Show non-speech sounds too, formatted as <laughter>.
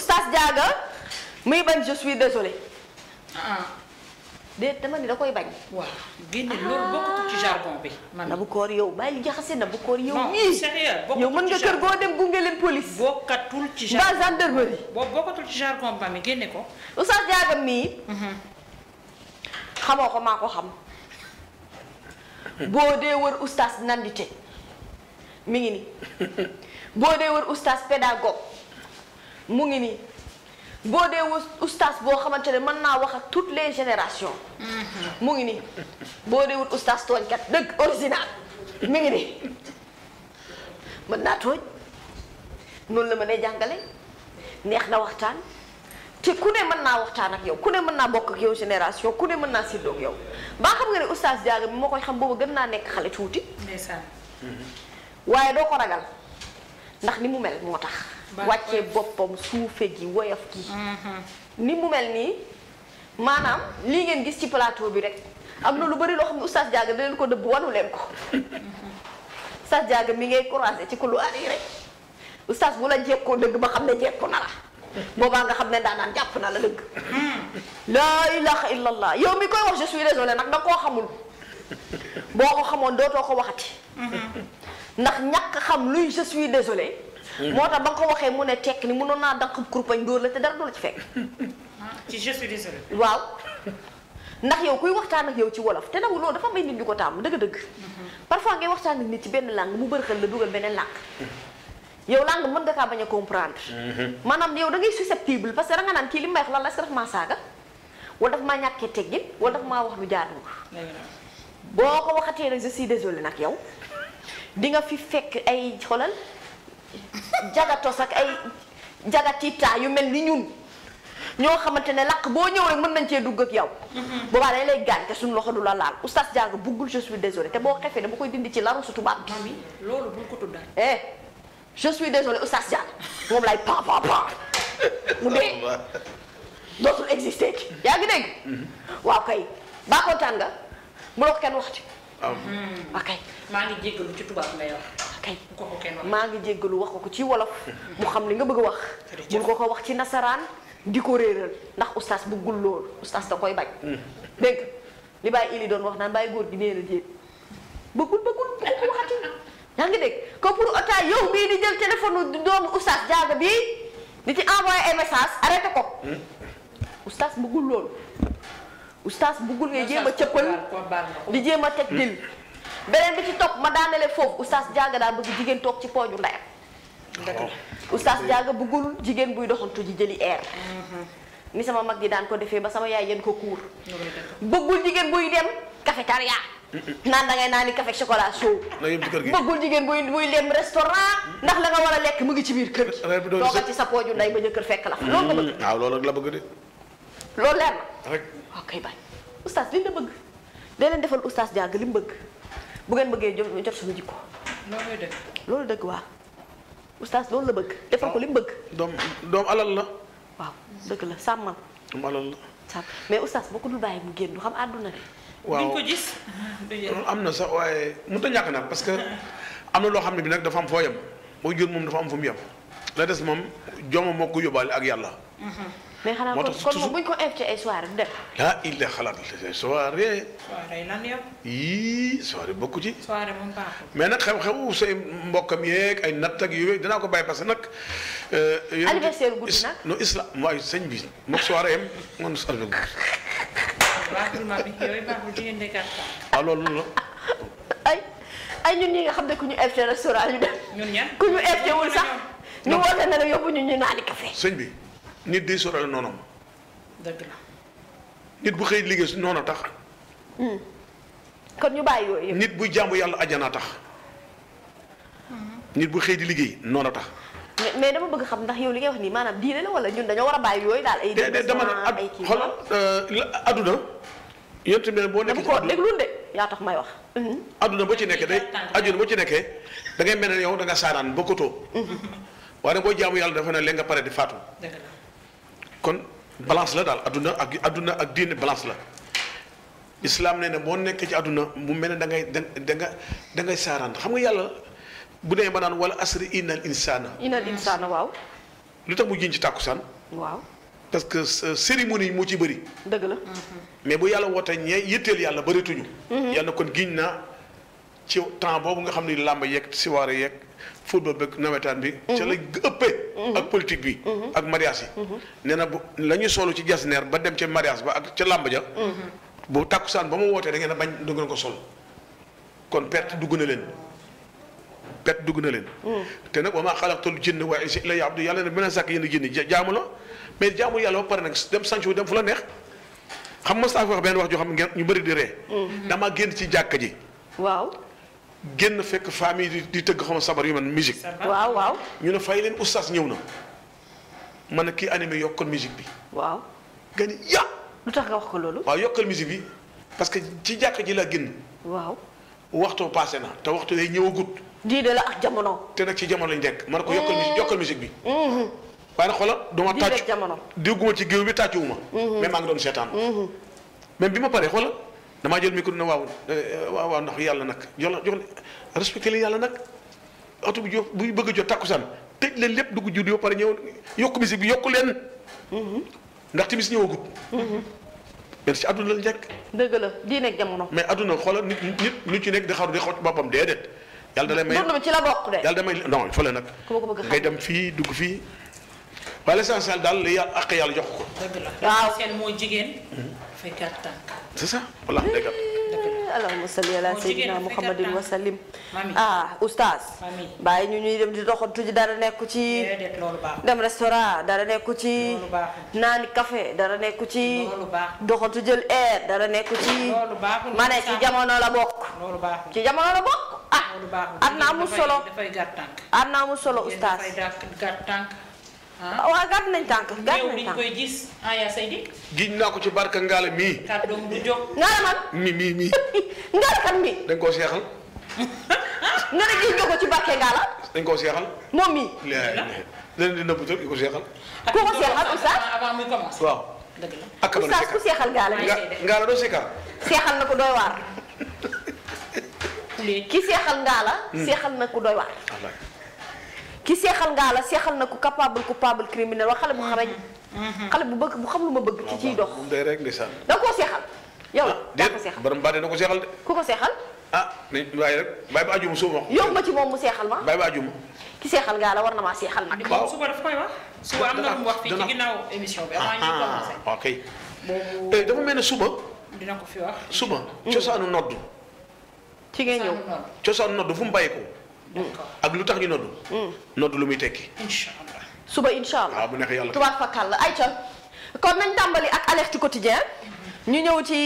oustaz Diaga muy bañ je suis désolé. Ah, ah. dama ni da koy bañ. waaw ah. bi. na bu koor yow bàyyi jaxase na bu koor yow. nii yow mën nga kër goo dem gunge leen police. bokkatul ci jargon ba gendarmerie. génne ko. oustaz Diaga mii. Mhm. xamoo ko maa ko xam. boo dee wër oustaz nandite mi ngi ni <laughs> boo dee wër oustaz pédagogue. mu ngi nii boo dee oustaz boo xamante ne mën naa wax ak toutes les génération mm-hmm. mu ngi nii boo dee wut dëgg original mu ngi mën naa tooñ noonu la a jàngale neex na waxtaan te ku ne mën naa waxtaan ak yow ku ne mën naa bokk ak yow génération ku ne mën naa séddoo ak yow baa xam nga ne oustaz Diaga bi moo koy xam boobu gën naa nekk xale tuuti. ndeysaan. waaye doo ko ragal. ndax ni mu mel moo tax wàccee boppam suufe gi woyof gi mm-hmm. ni mu mel nii maanaam lii ngeen gis ci plateau bi rek am na lu bari loo xam ne oustaz Diaga da ko dëbb wanu leen ko mm-hmm. oustaz Diaga mi ngay croisé ci couloir lu rek oustaz bu la jekkoo dëgg ma xam ne jekku na la boobaa nga xam ne daanaan jàpp na la dëgg mm-hmm. laa ilaha illallah yow mi koy wax je suis désolé nag nga koo xamul boo ko xamoon dootoo ko waxati ndax ñàkk xam luy je suis désolé. Mm. moo tax ba nga ko waxee mu ne tekk ni noon naa dàq kurpañ dóor la te dara du la ci fekk. <laughs> ci waaw ndax yaw kuy waxtaan ak yow ci wolof te nag loolu dafa may nit ñu ko taamu dëgg-dëgg. Mm-hmm. parfois ngay waxtaan ak nit ci benn langue mu xël la dugal beneen langue. Mm-hmm. yow langue mën nga kaa bañ a comprendre. Mm-hmm. maanaam yow da ngay susceptible parce que da nga naan kii li may wax lan la si daf maa saaga. wala daf maa ñàkkee teggin wala daf ma wax lu jaaduwul. boo ko waxatee nag je suis désolé nag yow. di nga fi fekk ay xolal jagatos ak ay jagatita yu mel ni ñun ñoo xamante ne làkk boo ñëw mën nañ cee dugg ak yow. Mhm. boobaa dañ lay gaañ te suñu loxo du la laal oustaz Diaga buggul je suis désolé te boo xefee dama koy dindi ci laru su tubaab bi. mami loolu bul ko tuddal. eh je suis désolé oustaz Diaga moom lay pa pa pa mu dee dootul existé ci yaa ngi dégg. Mhm. waaw kay baa kontaan nga mënoo ko kenn waxti. waaw kay. maa ngi jéggalu ci tubaab ngay wax. kay ngi jéggalu wax ko ci wolof. mu xam li nga bëgg a wax. mun ko ko wax ci nasaraan di ko réeral ndax ustaas bëggul lool ustaas da koy bañ. Hmm. dégg li bàyyi ili doon wax naan bàyyi góor gi nee na déet bëggul bëggul bëggul waxati ngi dégg ko pour otage yow bii di jël téléphone doomu ustaas jaaga bii di ci envoyé ay message arrêté ko. Hmm. ustaas bëggul loolu. ustaas bëggul ngay jéem a cëppal di jéem a teg dil hmm. beneen bi ci topp ma daanale foofu oustaz Diaga daa bëgg jigéen toog ci pooju ndeyam. waaw oustaz Diaga bëggul jigéen buy doxantu ji jëli air. ni sama mag di daan ko defee ba sama yaay yéen ko kuur. bëggul jigéen buy dem cafétéria. naan da ngay naani café chocolat chaud. bëggul jigéen buy buy dem restaurant. ndax la nga war a lekk mu ngi ci biir kër gi. toogal ci sa pooju ndey ma jëkkër fekk la fa. loolu nga bëgg waaw loolu rek la bëgg de. loolu leer na. rek kay bañ oustaz li la bëgg. dee leen defal oustaz Diaga li mu bëgg bu ngeen bëggee jot suñu jikko. loolu dëgg. loolu dëgg waaw. oustaz loolu la bëgg. defal ko li bëgg. doom doom alal la. waaw dëgg la sàmmal. sàmm mais oustaz boo ko dul bàyyi mu génn du xam àdduna de. waaw <laughs> am na sax waaye mënut a ñàkk nag parce que am na loo xam ne bi nag dafa am foo yem. boo jur moom dafa am fu mu yem. la des moom jooma moo ko yóbbaale ak yàlla. Mhm. mais xanaa kon buñ ko invité ay soirée du dem. ah xalaat la soirée. soirée lan yow. yii soirée ci. mais nag xew-xew say mbokkam yeeg ay natt ak yooyu dinaa ko bàyyi parce que nag. anniversaire guddi ay ay ñun ñi nga xam ne ku ñu invité restaurant ku ñu invité wul sax. ñu woote na la yóbbu ñu ñu naani café sëñ bi. nit di sorale noonam. dëgg bu xëy liggéey noonu a tax. Hmm. kon ñu bàyyi yooyu nit buy jàmbu yàlla ajana tax. Hmm. nit bu xëy di liggéey noonu a tax. mais dama bëgg xam ndax yow li ngay wax nii maanaam diine la wala ñun dañoo war a bàyyi yooyu daal ay. déedéet dama ne ay kii euh, adduna. yéen tamit boo nekkee ko déglu de tax may wax. Hmm. adduna boo ci nekkee day adduna boo ci nekkee da ngay mel na yow danga nga saaraan bokkutoo. waaye nag boo jaamu yàlla dafa ne léegi nga pare di faatu. kon balance la daal adduna ak adduna ak diine balance la islam nee na boo nekkee ci àdduna mu mel ne da ngay da nga da ngay saaraan xam nga yàlla bu dee ba naan wala asri innal insana innal insana waaw. lu tax mu jiñ ci tàkku tàkkusaan waaw parce que cérémonie yi moo ci bëri. dëgg la. mais bu yàlla wootee ñee yëtteel yàlla bëreetuñu. Mhm. yàlla kon giñ naa. ci temps boobu nga xam ni làmb yeeg siwaare yeeg football beeg nawetaan bi. ca la ëppee. Mhm. ak politique bi. Mhm. ak mariage yi. Mhm. nee na bu la ñuy solu ci jasneer ba dem ca mariage ba ak ca làmb ja. bu tàkkusaan ba mu wootee da ngeen a bañ du ko sol kon pet dugg na leen. pet dugg na leen. te nag wa maa xalaqtul jinna wal insa illaa liya'buduun yàlla ne mën a sàkk yéen a jinni jaamu la mais jaamu yàlla ba pare nag dem sanc dem fu la neex xam nga saa fi wax benn wax joo xam ngeen ñu bëri di ree. damaa génn ci jàkka génn fekk famille yi di tëgg xam sabar yu mel musique waaw waaw ñu ne fay leen oustaz ñëw na man ne kii animé yokkal musique bi. waaw nga ni ya. lu wax ko loolu. waaw yokkal musique bi parce que ci jàkk ji laa génn. waaw waxtu passé na te waxtu yooyu ñëwagut. diine la ak jamono. te nag ci jamono lañ nekk. man ko yokkal musique mm. yokkal musique bi. Mm-hmm. waaye nag xoolal du ma tàcc digguma ci géew bi tàccuwuma. Mm-hmm. mais maa ngi doon seetaan. mais mm-hmm. bi ma paree xola damaa jël micro ne waaw eh, waaw waaw ndax yàlla nag jox la jox la yàlla nag oto bu jo bu bëgg a jot takkusaan tëj leen lépp dugg judd yoo pare ñëw yokk musique bi yokk leen. ndax timis ñëwagut. mais ci àdduna la njëkk. dëgg la diine ak jamono. mais àdduna xoolal nit nit lu ci nekk di xaru de xot boppam déedéet. yàlla damay ci la bokk de. yàlla damay non fële nag. ngay dem fii dugg fii. waaye l'essentiel daal li àq yàlla jox ko. dëgg la waaw sa moo jigéen. dafay mm-hmm. gàtt tànk. c'est ça wala day gàtt. allahumma salli ala sayyidina muhammadin wa sallim ah oustaz bàyyi ñu ñuy dem di doxantu ji dara nekku ci dem restaurant dara nekku ci naani café dara nekku ci doxantu jël air dara nekku ci ma ne ci jamono la bokk ci jamono la bokk ah adna amul solo adna amul solo oustaz Ah. waaw gàtt nañ tànk gàtt nañ tànk koy gis Aya ah, Seydi. giñ naa ko ci barke Ngale mii. kàddoom du jóg. Ngale man mi mi mi. <laughs> Ngale kan mi. dañ koo seexal. <laughs> nga ne giñ ko ci barke Ngala. dañ koo seexal. moom mii. leneen di nëbbu di ko seexal. ku ko seexal oustaz avant muy commencé. bi. Ngala doo seexal. seexal na ko doy waar. <laughs> ki seexal Ngala. Hmm. seexal na ko doy waar. ki seexal ngaa la seexal na ku capable coupable criminel wax xale bu xarañ. Mm-hmm. Mm-hmm. xale bu bëgg bu xam lu ma bëgg. ci ciy dox day rek koo seexal yow la ah, daa ko seexal borom da ko seexal de. ku ko seexal. ah nañ waaye rek bàyyi ba ajuma suuf ma. yóbbu ma ci moom mu ma ba ajuma. ki seexal ngaa la war na maa seexal nag. waaw suba daf koy wax. suba am na lu mu wax fii ci ginnaaw émission bi. avant ñuy commencé ah, ah, eh, dafa mel ne suba. dina suba. cosaanu nodd. ci ngeen ñëw cosaanu nodd fu mu bàyyi ko ak lu tax ñu noddu. Hmm. noddu lu muy tekki. incha allah suba incha allah waaw ah, bu neexee yàlla tubaab fakkal la ayca kon nañ tàmbali ak alerte quotidien ñu ñëw ci.